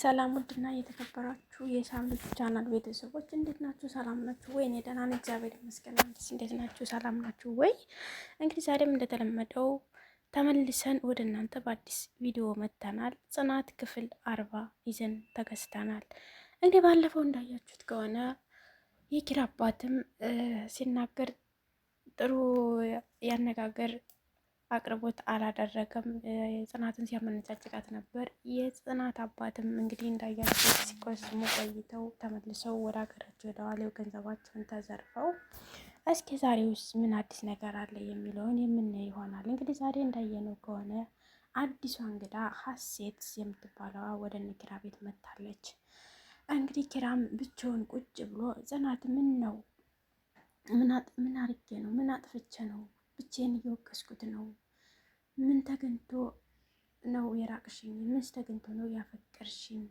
ሰላም ውድና እየተከበራችሁ የሳም ቻናል ቤተሰቦች እንዴት ናችሁ? ሰላም ናችሁ ወይ? እኔ ደህና ነኝ፣ እግዚአብሔር ይመስገን። አንተስ እንዴት ናችሁ? ሰላም ናችሁ ወይ? እንግዲህ ዛሬም እንደተለመደው ተመልሰን ወደ እናንተ በአዲስ ቪዲዮ መጥተናል። ጽናት ክፍል አርባ ይዘን ተገዝተናል እንግዲህ ባለፈው እንዳያችሁት ከሆነ የኪራ አባትም ሲናገር ጥሩ ያነጋገር አቅርቦት አላደረገም። ጽናትን ሲያመነጫጭቃት ነበር። የጽናት አባትም እንግዲህ እንዳያቸው ሲቆስሙ ቆይተው ተመልሰው ወደ ሀገራቸው ሄደዋል። ገንዘባቸውን ተዘርፈው እስኪ ዛሬ ውስጥ ምን አዲስ ነገር አለ የሚለውን የምናየው ይሆናል። እንግዲህ ዛሬ እንዳየነው ከሆነ አዲሷ እንግዳ ሀሴት የምትባለዋ ወደ እነ ቤት መታለች። እንግዲህ ኪራም ብቻውን ቁጭ ብሎ ጽናት ምን ነው ምን አርጌ ነው ምን አጥፍቼ ነው ብቼን እየወቀስኩት ነው ምን ተገኝቶ ነው የራቅሽኝ? ምን ተገኝቶ ነው ያፈቀርሽኝ?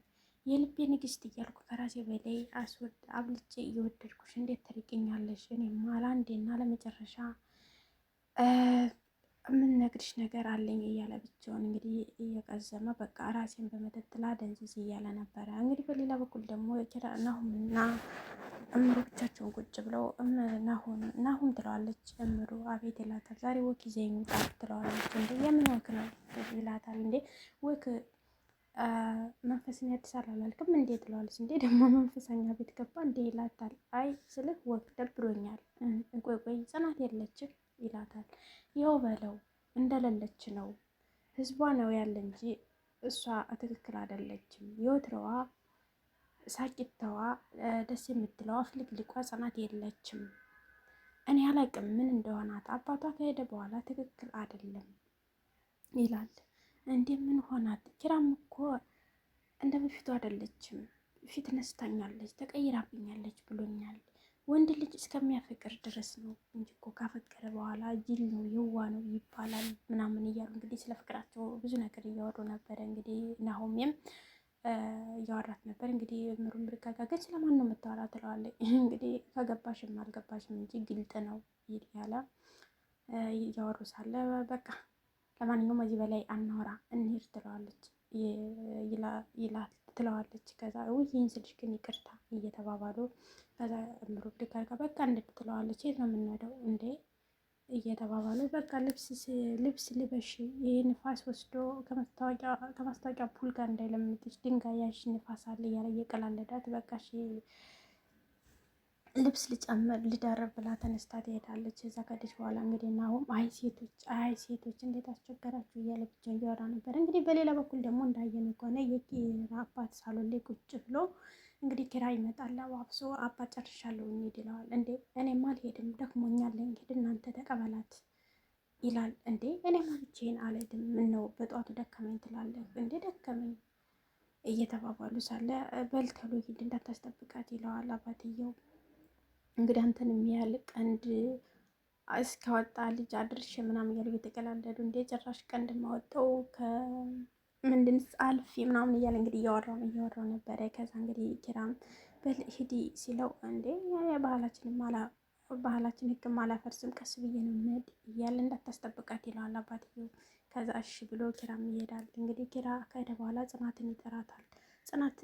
የልቤ ንግስት እያልኩ ከራሴ በላይ አስወድ አብልጬ እየወደድኩሽ እንዴት ትርቅኛለሽ? እኔማ ለአንዴና ለመጨረሻ የምንነግርሽ ነገር አለኝ እያለ ብቻውን እንግዲህ እየቀዘመ በቃ ራሴን በመተትላ ደንዝዝ እያለ ነበረ። እንግዲህ በሌላ በኩል ደግሞ ናሁምና እምሩ ብቻቸውን ቁጭ ብለው ናሁን ናሁን ትለዋለች። እምሩ አቤት ይላታል። ዛሬ ወክ ይዘ የሚጣ ትለዋለች። እንዴ የምን ወክ ነው ይላታል። እንዴ ወክ መንፈስን ያድሳል አላልክም እንዴ ትለዋለች። እንዴ ደግሞ መንፈሰኛ ቤት ገባ እንዴ ይላታል። አይ ስልህ ወክ ደብሮኛል። ቆይ ቆይ ጽናት የለችም ይላታል። ይኸው በለው እንደሌለች ነው ህዝቧ ነው ያለ እንጂ እሷ ትክክል አይደለችም። የወትሮዋ ሳቂተዋ ደስ የምትለዋ፣ ፍልቅልቋ ጽናት የለችም። እኔ አላቅም ምን እንደሆናት። አባቷ ከሄደ በኋላ ትክክል አይደለም ይላል። እንዴ ምን ሆናት? ኪራም እኮ እንደ በፊቱ አይደለችም፣ ፊት ነስታኛለች፣ ተቀይራብኛለች ብሎኛል ወንድ ልጅ እስከሚያፈቅር ድረስ ነው እንጂ እኮ ካፈቀረ በኋላ ጅል ነው፣ የዋ ነው ይባላል ምናምን እያሉ እንግዲህ ስለ ፍቅራቸው ብዙ ነገር እያወሩ ነበረ። እንግዲህ ናሆሜም እያወራት ነበር። እንግዲህ ምሩም ብርጋጋገች ስለማን ነው የምታወራ ትለዋለች። እንግዲህ ከገባሽም አልገባሽም እንጂ ግልጥ ነው እያለ እያወሩ ሳለ በቃ ለማንኛውም እዚህ በላይ አናወራ እንሂድ ትለዋለች ይላት ትለዋለች። ከዛ ይህን ስልሽ ግን ይቅርታ እየተባባሉ ከዛ እምሮብ ድጋር ጋር በቃ እንዴት ትለዋለች፣ የት ነው የምንሄደው እንዴ እየተባባሉ በቃ ልብስ ልበሽ፣ ይህ ንፋስ ወስዶ ከማስታወቂያ ፑል ጋር እንዳይለምጥሽ፣ ድንጋይ ያዥ፣ ንፋስ አለ እያለ እየቀላለዳት በቃ ልብስ ልጨምር ልደርብ ብላ ተነስታ ትሄዳለች። እዛ ከደች በኋላ እንግዲህ ናሁም አይ ሴቶች አይ ሴቶች እንዴት አስቸገራችሁ እያለ ብቻ እያወራ ነበር። እንግዲህ በሌላ በኩል ደግሞ እንዳየነው ከሆነ የኪራ አባት ሳሎን ላይ ቁጭ ብሎ እንግዲህ ኪራይ ይመጣል። አዋብሶ አባ ጨርሻለሁ እንሂድ ይለዋል። እንዴ እኔም አልሄድም ደክሞኛል፣ እንሂድ እናንተ ተቀበላት ይላል። እንዴ እኔም ብቻዬን አልሄድም፣ ምነው በጠዋቱ ደከመኝ ትላለህ እንዴ ደከመኝ እየተባባሉ ሳለ በልተሉ ሂድ እንዳታስጠብቃት ይለዋል። አባትየው እንግዲህ አንተን የሚያል ቀንድ እስከወጣ ልጅ አድርሽ ምናምን እያሉ እየተቀላለዱ እንዴ ጭራሽ ቀንድ ማወጣው ከ ምንድን አልፌ ምናምን እያለ እንግዲህ እያወራው እያወራው ነበረ። ከዛ እንግዲህ ኪራም በል ሂዲ ሲለው እንዴ ባህላችንም ማላ ባህላችን ሕግም አላፈርስም ቀስ ብዬ ነው የምሄድ እያለ እንዳታስጠብቃት ይለዋል አባትዬው። ከዛ እሺ ብሎ ኪራም ይሄዳል። እንግዲህ ኪራ ከሄደ በኋላ ጽናትን ይጠራታል። ጽናት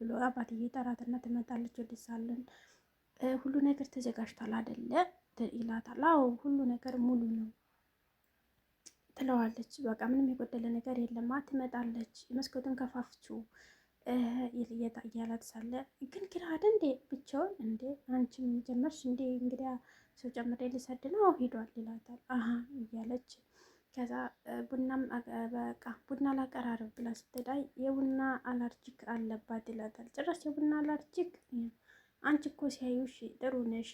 ብሎ አባትዬ ይጠራትና ትመጣለች። ወድሳለን ሁሉ ነገር ተዘጋጅቷል አደለ ይላታል። አዎ ሁሉ ነገር ሙሉ ነው ትለዋለች። በቃ ምንም የጎደለ ነገር የለማ ትመጣለች። መስኮቱን ከፋፍችው እያላት ሳለ ግን ግራ አይደል እንዴ ብቻውን እንዴ አንቺም ጀመርሽ እንዴ እንግዲያ ሰው ጨምሬ ሊሰድ ነው ሂዷል ይላታል። አሀ እያለች ከዛ ቡናም በቃ ቡና ላቀራረብ ብላ ስትዳይ የቡና አላርጂክ አለባት ይላታል። ጭራሽ የቡና አላርጂክ አንቺ እኮ ሲያዩሽ ጥሩ ነሽ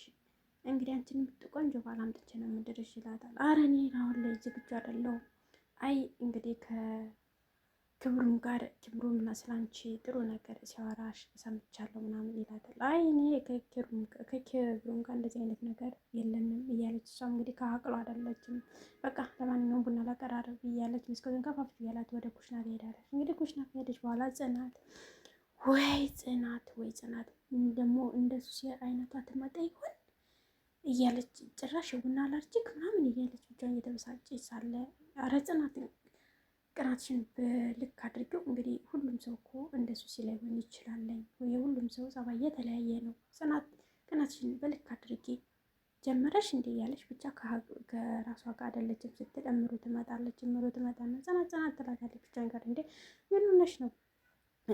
እንግዲህ አንቺን ቆንጆ ባል አምጥቼ ነው የምድርሽ ይላታል። አረ እኔ አሁን ላይ ዝግጁ አይደለሁም። አይ እንግዲህ ከክብሩም ጋር ክብሩም ስላንቺ ጥሩ ነገር ሲያወራሽ ሰምቻለሁ ምናምን ይላታል። አይ እኔ ከክብሩም ጋር እንደዚህ አይነት ነገር የለንም እያለች እሷ እንግዲህ ከአቅሎ አይደለችም። በቃ ለማንኛውም ቡና ላቀራረብ እያለች መስኮቱን ከፋፍ እያላት ወደ ኩሽና ትሄዳለች። እንግዲህ ኩሽና ከሄደች በኋላ ጽናት ወይ ጽናት ወይ ጽናት ደግሞ እንደሱ አይነቷ ትመጣ ይሆን እያለች ጭራሽ የቡና አላርጅክ ምናምን እያለች ብቻዋን እየተበሳጨች ሳለ ኧረ ጽናት ቅናትሽን በልክ አድርገው። እንግዲህ ሁሉም ሰው እኮ እንደሱ ሲለይሆን ይችላለን። የሁሉም ሰው ጸባይ የተለያየ ነው። ጽናት ቅናትሽን በልክ አድርጌ ጀመረሽ እንዴ እያለች ብቻ ከራሷ ጋር አይደለችም ስትል እምሮ ትመጣለች። እምሮ ትመጣና ጽናት ጽናት ትላታለች። ብቻዋን ጋር እንዴ ምን ሆነሽ ነው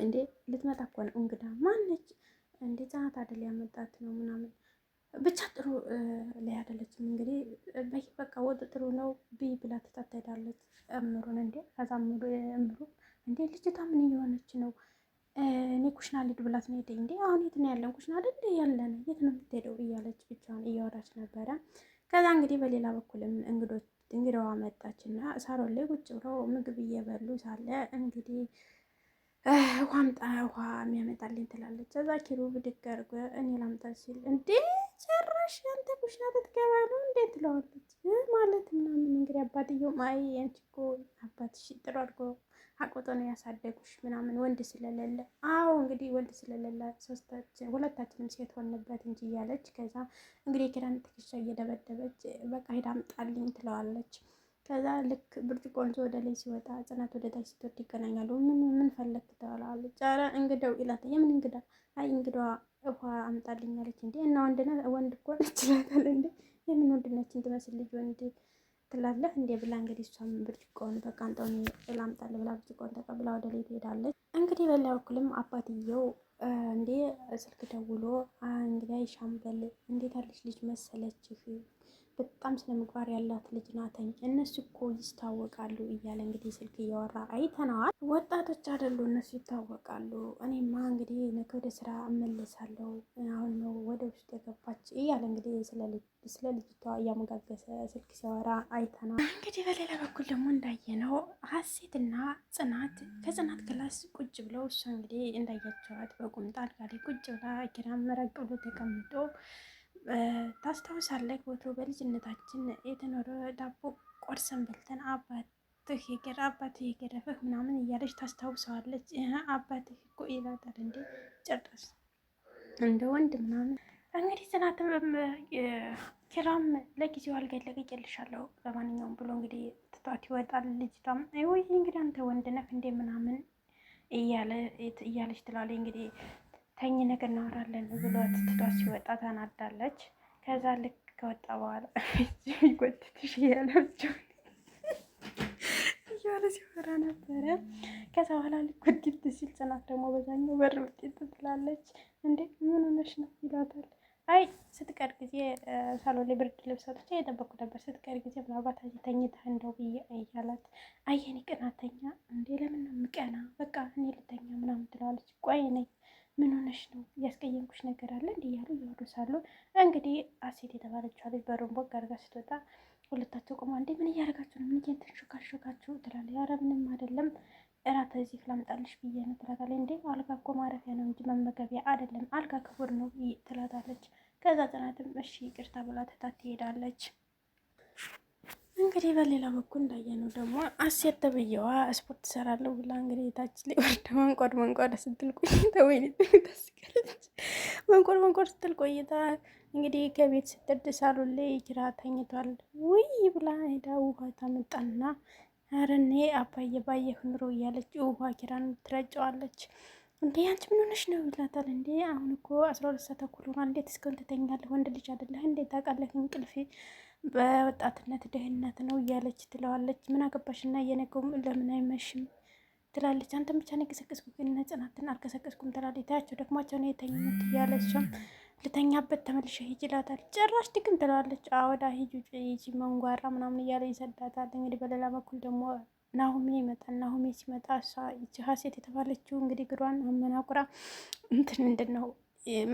እንዴ? ልትመጣ እኮ ነው እንግዳ ማነች እንዴ? ጽናት አደል ያመጣት ነው ምናምን ብቻ ጥሩ ላይ አይደለችም። እንግዲህ በይ በቃ ወደ ጥሩ ነው ብይ ብላ ትታት ትሄዳለች። እምሩን እንዴ ከዛ እምሩ እንዴ ልጅቷ ምን እየሆነች ነው? እኔ ኩሽና ልሂድ ብላት ነው ሄደኝ። እንዴ አሁን የት ነው ያለን? ኩሽና አይደል ያለን? የት ነው የምትሄደው? እያለች ብቻዋን እያወራች ነበረ። ከዛ እንግዲህ በሌላ በኩልም እንግዶች እንግዳዋ መጣችና ሳሎን ላይ ቁጭ ብለው ምግብ እየበሉ ሳለ እንግዲህ ውሃ አምጣ ውሃ የሚያመጣልኝ ትላለች። ከዛ ኪሩ ብድግ አድርጎ እኔ ላምጣ ሲል እንዴ ጭራሽ አንተ ኩሽና ልትገባ ነው እንዴ ትለዋለች ማለት ምናምን። እንግዲህ አባትየው ማይ አንቺ እኮ አባትሽ ጥሩ አድርጎ አቆጦ ነው ያሳደጉሽ ምናምን ወንድ ስለሌለ፣ አዎ እንግዲህ ወንድ ስለሌለ ሶስታችን ሁለታችንም ሴት ሆንበት እንጂ እያለች ከዛ እንግዲህ ኪራን ትከሻ እየደበደበች በቃ ሄዳ አምጣልኝ ትለዋለች። ከዛ ልክ ብርጭቆ ልጅ ወደ ላይ ሲወጣ ጽናት ወደ ታች ስትወርድ ይገናኛሉ። ምን ምን ፈለክ ትለዋለች። ኧረ እንግዳው ይላት። የምን እንግዳ? አይ እንግዳዋ ውሃ አምጣልኝ አለች። እንዴ እና ወንድና ወንድ እኮ ነች ይላታል። እንዴ የምን ወንድነችን ትመስል ልጅ ወንድ ትላለህ እንዴ ብላ እንግዲህ እሷም ብርጭቆውን በቃ አንጠውን ላምጣል ብላ ብርጭቆውን ተቀብላ ወደ ላይ ትሄዳለች። እንግዲህ በሌላ በኩልም አባትየው እንዴ ስልክ ደውሎ እንግዲህ ሻምበል እንዴት አለች ልጅ መሰለችህ በጣም ስነ ምግባር ያላት ልጅ ናተኝ እነሱ እኮ ይታወቃሉ እያለ እንግዲህ ስልክ እያወራ አይተነዋል። ወጣቶች አይደሉ እነሱ ይታወቃሉ። እኔማ እንግዲህ ነገ ወደ ስራ እመለሳለሁ አሁን ነው ወደ ውስጥ የገባች እያለ እንግዲህ ስለ ልጅቷ እያሞጋገሰ ስልክ ሲያወራ አይተነዋል። እንግዲህ በሌላ በኩል ደግሞ እንዳየነው ሀሴትና ጽናት ከጽናት ክላስ ቁጭ ብለው እሷ እንግዲህ እንዳያቸዋት በቁምጣ አልጋ ላይ ቁጭ ብላ ኪራም ረቅ ብሎ ተቀምጦ ታስታውሳለህ? ወቶ በልጅነታችን የተኖረ ዳቦ ቆርሰን በልተን አባትህ የገረ አባትህ የገረፈህ ምናምን እያለች ታስታውሰዋለች። አባትህ እኮ ይላታል። እንዴ ጨርስ እንደ ወንድ ምናምን እንግዲህ ጽናትም ኪራም ለጊዜው አልጋ ይለቀቅልሻለሁ ለማንኛውም ብሎ እንግዲህ ትቷት ይወጣል። ልጅቷም ወይ እንግዲህ አንተ ወንድ ነህ እንዴ ምናምን እያለ እያለች ትላለች እንግዲህ ተኝ ነገር እናወራለን ብሏት ትቷት ሲወጣ ታናዳለች። ከዛ ልክ ከወጣ በኋላ ጎትትሽ እያለችው እያለ ሲወራ ነበረ። ከዛ በኋላ ልክ ውድት ሲል ጽናት ደግሞ በዛኛው በር ውጤት ትላለች። እንዴ ምን ሆነሽ ነው ይላታል። አይ ስትቀር ጊዜ ሳሎን ላይ ብርድ ልብስ አውጥቼ የጠበኩ ነበር። ስትቀር ጊዜ ምናልባት ተኝተህ እንደው ብዬ እያላት፣ አየኔ ቅናተኛ እንዴ ለምን ነው የምቀና? በቃ እኔ ልተኛ ምናምን ትለዋለች። ቆይ ነኝ ምን ሆነሽ ነው እያስቀየምኩሽ ነገር አለ እንዲህ እያሉ ሳሉ እንግዲህ አሴት የተባለችዋ ልጅ በሩን ቦግ አድርጋ ስትወጣ ሁለታቸው ቆመው እንዴ ምን እያደረጋችሁ ነው? ምን ሾካሾካችሁ ትላለች። ኧረ ምንም አይደለም እራት እዚህ ላምጣልሽ ብዬ ነው ትላታለች። እንዴ አልጋ እኮ ማረፊያ ነው እንጂ መመገቢያ አይደለም፣ አልጋ ክቡር ነው ትላታለች። ከዛ ጽናትም እሺ ይቅርታ ብላ ትታት ትሄዳለች። እንግዲህ በሌላ በኩል እንዳየነው ደግሞ አሴት ተብዬዋ ስፖርት እሰራለሁ ብላ እንግዲህ ታች ላይ ወርደ መንቆድ መንቆድ ስትል ቆይታ፣ ወይ ታስቀለች። መንቆድ መንቆድ ስትል ቆይታ እንግዲህ ከቤት ስትርድ ሳሎን ላይ ኪራ ተኝቷል። ውይ ብላ ሄዳ ውሃ ታመጣና አረኔ አባዬ ባየህ ኑሮ እያለች ውሃ ኪራን ትረጨዋለች። እንዴ አንቺ ምን ሆነሽ ነው ይላታል። እንዴ አሁን እኮ አስራ ሁለት ሰዓት ተኩል ሆኗል። እንዴት እስካሁን ትተኛለህ? ወንድ ልጅ አይደለህ? እንዴት ታውቃለህ እንቅልፌ በወጣትነት ደህንነት ነው እያለች ትለዋለች። ምን እና የነገውም ለምን አይመሽም ትላለች። አንተ ብቻ ነው የቀሰቀስኩ ግን አልቀሰቀስኩም ትላለች። ታያቸው ደክሟቸው ነው የተኙት እያለችም ልተኛበት ተመልሼ ሂጂ ይላታል። ጭራሽ ድግም ትለዋለች። አወዳ ውጭ ሂጂ መንጓራ ምናምን እያለ ይሰዳታል። እንግዲህ በሌላ በኩል ደግሞ ናሁሜ ይመጣል። ናሁሜ ሲመጣ እሷ ይቺ ሀሴት የተባለችው እንግዲህ ግሯን አመናቁራ እንትን ምንድን ነው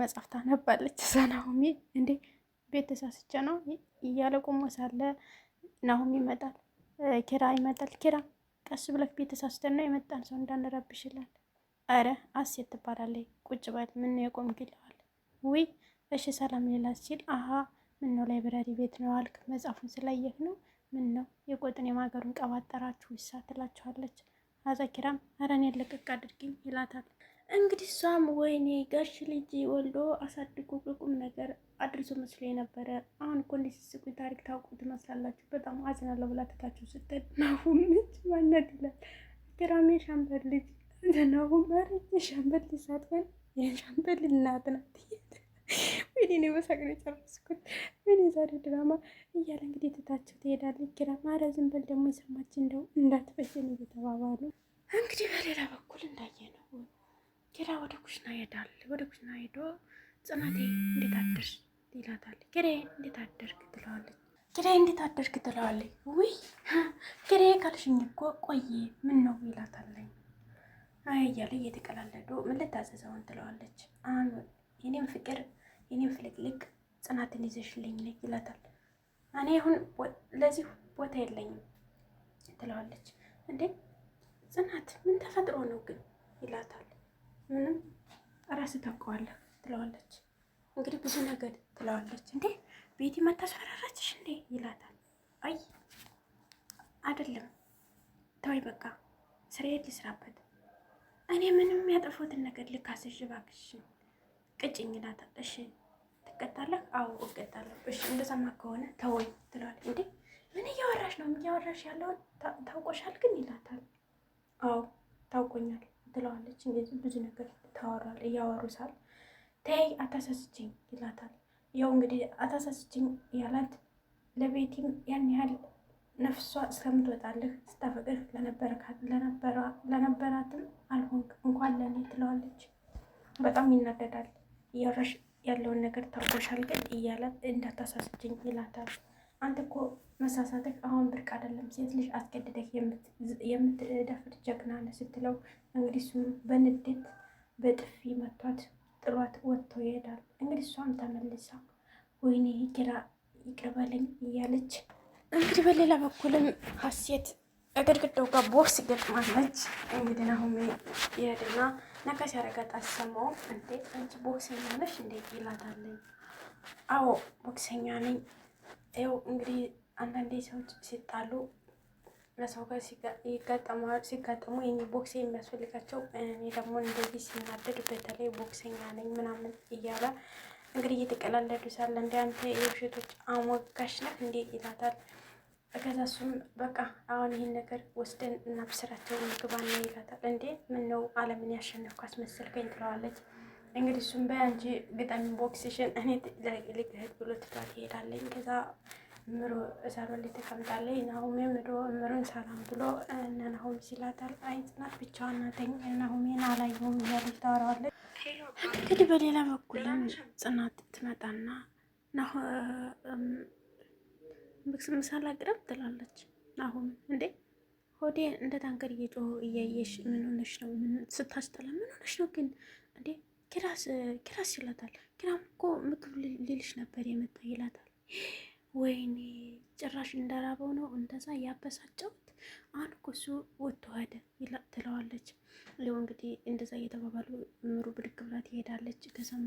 መጽሐፍ ታነባለች። እዛ ናሁሜ እንዴ ቤተሳስቼ ነው እያለ ቆሞ ሳለ ናሁም ይመጣል፣ ኪራ ይመጣል። ኪራ ቀስ ብለህ ቤት ተሳስተን ነው የመጣን ሰው እንዳንረብሽለን። አረ አሴት ትባላለች፣ ቁጭ በል ምን የቆም የቆምክ ይለዋል። ውይ እሺ ሰላም ሌላት ሲል አሀ ምን ነው ላይብረሪ ቤት ነው አልክ? መጽሐፉን ስላየህ ነው? ምን ነው የቆጥን የማገሩን ቀባጠራችሁ ይሳ ትላችኋለች። አዛ ኪራም አረኔን ልቅቅ አድርጊኝ ይላታል። እንግዲህ እሷም ወይኔ ጋሽ ልጅ ወልዶ አሳድጎ በቁም ነገር አድርሶ መስሎ የነበረ አሁን እኮ እንዲህ ስትስቁኝ ታሪክ ታውቁ ትመስላላችሁ። በጣም አዝናለሁ ብላ ትታችሁ ስትል ናሁም ልጅ ማነት ይላል ኪራም የሻምበል ልጅ ናሁም ማር የሻምበል ልጅ ሳትሆን የሻምበል እናት ናት። ወይኔ እኔ በሳቅ ነው የጨረስኩት። ወይኔ ዛሬ ድራማ እያለ እንግዲህ ትታቸው ትሄዳለች። ኪራም ኧረ ዝም በል ደግሞ የሰማች እንደው እንዳትበየን እየተባባሉ እንግዲህ በሌላ በኩል እንዳየ ነው ኪራ ወደ ኩሽና ይሄዳል። ወደ ኩሽና ሄዶ ጽናቴ እንዴት አደርሽ ይላታል። ግሬ እንዴት አደርግ ትለዋለች። ግሬ እንዴት አደርግ ትለዋለች። ውይ ግሬ ካልሽኝ እኮ ቆየ ምን ነው ይላታለኝ። አይ እያለ እየተቀላለዱ ምን ልታዘዘውን ትለዋለች። አሁን የኔም ፍቅር የኔም ፍልቅልቅ ጽናትን ይዘሽልኝ ነይ ይላታል። እኔ አሁን ለዚህ ቦታ የለኝም ትለዋለች። እንዴ ጽናት ምን ተፈጥሮ ነው ግን ይላታል። ምንም ራስ ታውቀዋለህ ትለዋለች። እንግዲህ ብዙ ነገር ትለዋለች። እንዴ ቤቲ መታስፈራራችሽ እንዴ ይላታል። አይ አይደለም ተወይ በቃ ስሬት ልስራበት እኔ ምንም ያጠፉትን ነገር ልካስሽ እባክሽ ቅጭኝ ይላታል። እሺ ትቀጣለህ? አዎ እቀጣለሁ። እሺ እንደሰማ ከሆነ ተወይ ትለዋል። እንዴ ምን እያወራሽ ነው? እያወራሽ ያለውን ታውቆሻል ግን ይላታል። አዎ ታውቆኛል ትለዋለች። እንደዚህ ብዙ ነገር ታወራል እያወሩ ሳል ተይ አታሳስችኝ ይላታል። ያው እንግዲህ አታሳስችኝ ያላት ለቤቲም ያን ያህል ነፍሷ እስከምትወጣልህ ስታፈቅር ለነበራትም አልሆንክ እንኳን ለእኔ ትለዋለች። በጣም ይናደዳል። እያወራሽ ያለውን ነገር ታውቆሻል ግን እያላት እንዳታሳስችኝ ይላታል። አንተ እኮ መሳሳትህ አሁን ብርቅ አይደለም፣ ሴት ልጅ አስገድደህ የምትደፍር ጀግና ነህ ስትለው እንግዲህ እሱም በንዴት በጥፊ መቷት። ጥሯት ወጥተው ይሄዳል። እንግዲህ እሷም ተመልሳ ወይኔ ኪራ ይቅርበልኝ እያለች እንግዲህ በሌላ በኩልም ሀሴት ግድግዳው ጋር ቦክስ ገጥማለች። እንግዲህ አሁን ይሄድና ነካሽ ያረጋት አሰማው። እንዴ አንቺ ቦክሰኛ ነሽ እንዴ ይላታለኝ። አዎ ቦክሰኛ ነኝ። ይኸው እንግዲህ አንዳንዴ ሰዎች ሲጣሉ ለሰው ጋር ሲጋጠሙ የኔ ቦክሴ የሚያስፈልጋቸው እኔ ደግሞ እንደዚህ ሲናደድ በተለይ ቦክሰኛ ነኝ ምናምን እያለ እንግዲህ እየተቀላለዱ ሳለ እንደ አንተ የውሸቶች አሞጋሽ ነህ እንዴ ይላታል። ከዛ እሱም በቃ አሁን ይህን ነገር ወስደን እናብስራቸው ምግባና ይላታል። እንዴ ምን ነው ዓለምን ያሸነፍኩ አስመሰልከኝ ትለዋለች። እንግዲህ እሱም በያንቺ ግጠሚ ቦክስሽን እኔ ልግህት ብሎ ትቷት ይሄዳለኝ ከዛ ምሮ እሳሮ ላይ ተቀምጣለች። ናሁሜም ሄዶ ምሮን ሰላም ብሎ እነ ናሁም ሲላታል። አይ ጽናት ብቻዋን ናተኝ ናሁሜን አላየሁም እያለች ታወራዋለች። እንግዲህ በሌላ በኩልም ጽናት ትመጣና ምሳ ላቅርብ ትላለች። ናሁም እንዴ ሆዴ እንደ ታንከር እየጮህ እያየሽ ምን ሆነሽ ነው? ምን ስታስጠላ ምን ሆነሽ ነው ግን እንዴ ኪራስ ኪራስ ይላታል። ኪራም እኮ ምግብ ልልሽ ነበር የመጣ ይላታል። ወይኔ ጭራሽ እንደራበው ነው እንደዛ ያበሳጨው። አሁን እኮ እሱ ወጥቶ ሄደ ትለዋለች። ሌው እንግዲህ እንደዛ እየተባባሉ ምሩ ብድግ ብላ ትሄዳለች። ከዛም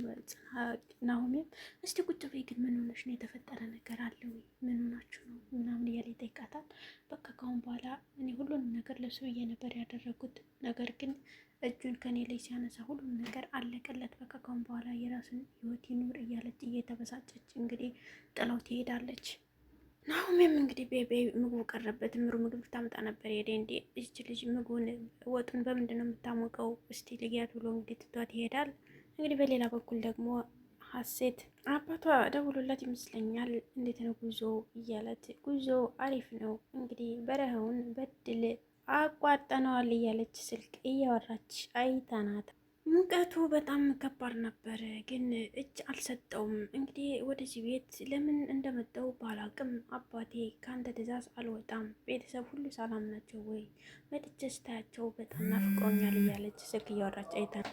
ናሆሜም እስቲ ቁጭ በይ ግን ምን ሆነሽ ነው? የተፈጠረ ነገር አለ ወይ? ምን ሆናችሁ ነው? ምናምን እያለ ይጠይቃታል። በቃ ካሁን በኋላ እኔ ሁሉንም ነገር ለሱ ብዬ ነበር ያደረጉት፣ ነገር ግን እጁን ከኔ ላይ ሲያነሳ ሁሉም ነገር አለቀለት። በቃ ካሁን በኋላ የራሱን ህይወት ይኑር እያለች እየተበሳጨች እንግዲህ ጥላው ትሄዳለች። ናሁሜም እንግዲህ ቤቤ ምግቡ ቀረበት። ምሩ ምግብ ልታመጣ ነበር ሄደ። እንዴ እች ልጅ ምግቡን ወጡን በምንድን ነው የምታሞቀው? እስቲ ልጊያት ብሎ እንግዲህ ትቷት ይሄዳል። እንግዲህ በሌላ በኩል ደግሞ ሀሴት አባቷ ደውሎላት ይመስለኛል። እንዴት ነው ጉዞ እያለት፣ ጉዞ አሪፍ ነው እንግዲህ በረሃውን በድል አቋጠነዋል እያለች ስልክ እያወራች አይተናት ሙቀቱ በጣም ከባድ ነበር፣ ግን እጅ አልሰጠውም። እንግዲህ ወደዚህ ቤት ለምን እንደመጣው ባላቅም አባቴ ከአንተ ትእዛዝ አልወጣም። ቤተሰብ ሁሉ ሰላም ናቸው ወይ? መጥቼ ስታያቸው በጣም ናፍቀውኛል እያለች ስልክ እያወራች አይታል።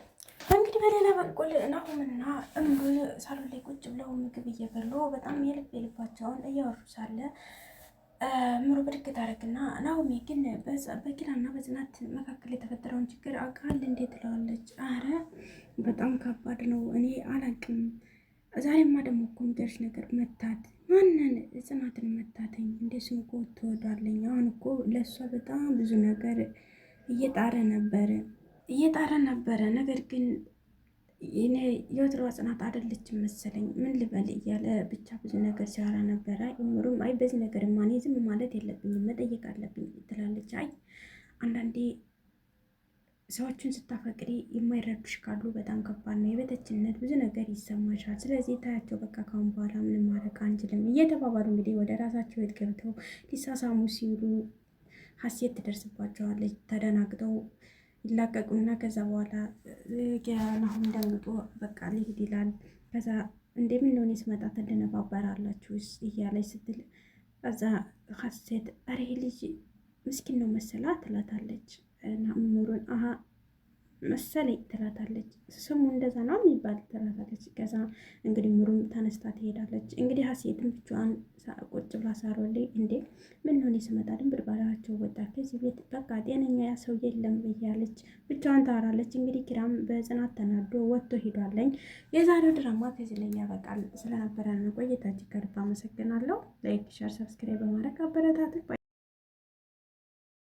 እንግዲህ በሌላ በኩል ናሁምና እምሩ ሳሎን ላይ ቁጭ ብለው ምግብ እየበሉ በጣም የልብ የልባቸውን እያወሩ ሳለ ምሮ ብድግ ታደርግና ናኦሚ ግን በኪራና በጽናት መካከል የተፈጠረውን ችግር አካል እንዴት ትለዋለች። አረ በጣም ከባድ ነው። እኔ አላቅም። ዛሬማ ደግሞ እኮ የሚገርሽ ነገር መታት ማንን? ጽናትን መታተኝ። እንዴ ስም እኮ ትወዷለኝ። አሁን እኮ ለእሷ በጣም ብዙ ነገር እየጣረ ነበረ እየጣረ ነበረ ነገር ግን ይኔ የወትሮ ጽናት አይደለችም መሰለኝ ምን ልበል እያለ ብቻ ብዙ ነገር ሲያወራ ነበረ። ይምሩም አይ በዚህ ነገር ማኔ ዝም ማለት የለብኝም መጠየቅ አለብኝ ትላለች። አይ አንዳንዴ ሰዎችን ስታፈቅሪ የማይረዱሽ ካሉ በጣም ከባድ ነው። የበታችነት ብዙ ነገር ይሰማሻል። ስለዚህ ታያቸው በቃ ካሁን በኋላ ምንም ማድረግ አንችልም እየተባባሉ እንግዲህ ወደ ራሳቸው ቤት ገብተው ሊሳሳሙ ሲሉ ሀሴት ትደርስባቸዋለች ተደናግጠው ይላቀቁና ከዛ በኋላ ናሁም ደንግጦ በቃ ሊሄድ ይላል። ከዛ እንደምንሆን ስመጣ ትደነባበራላችሁ እያለች ስትል ከዛ ሀሴት አሬ ልጅ ምስኪን ነው መሰላ ትላታለች እና ምኑሩን መሰለኝ ትላታለች። ስሙ እንደዛ ነው የሚባል ትላታለች። ከዛ እንግዲህ ምሩም ተነስታ ትሄዳለች። እንግዲህ ሀሴትም ብቻዋን ቁጭ ብላ ሳሮን እንዴ ምን ሆነ ስመጣ ድንብር ባላቸው ወጣ ከዚህ ቤት በቃ ጤነኛ ሰው የለም ብያለች። ብቻዋን ታወራለች። እንግዲህ ኪራም በጽናት ተናዶ ወጥቶ ሄዷለኝ። የዛሬው ድራማ ከዚህ ላይ ያበቃል። ስለነበረ ቆይታ እጅግ ከልብ አመሰግናለሁ። ላይክ፣ ሸር፣ ሰብስክራይብ በማድረግ አበረታቱ።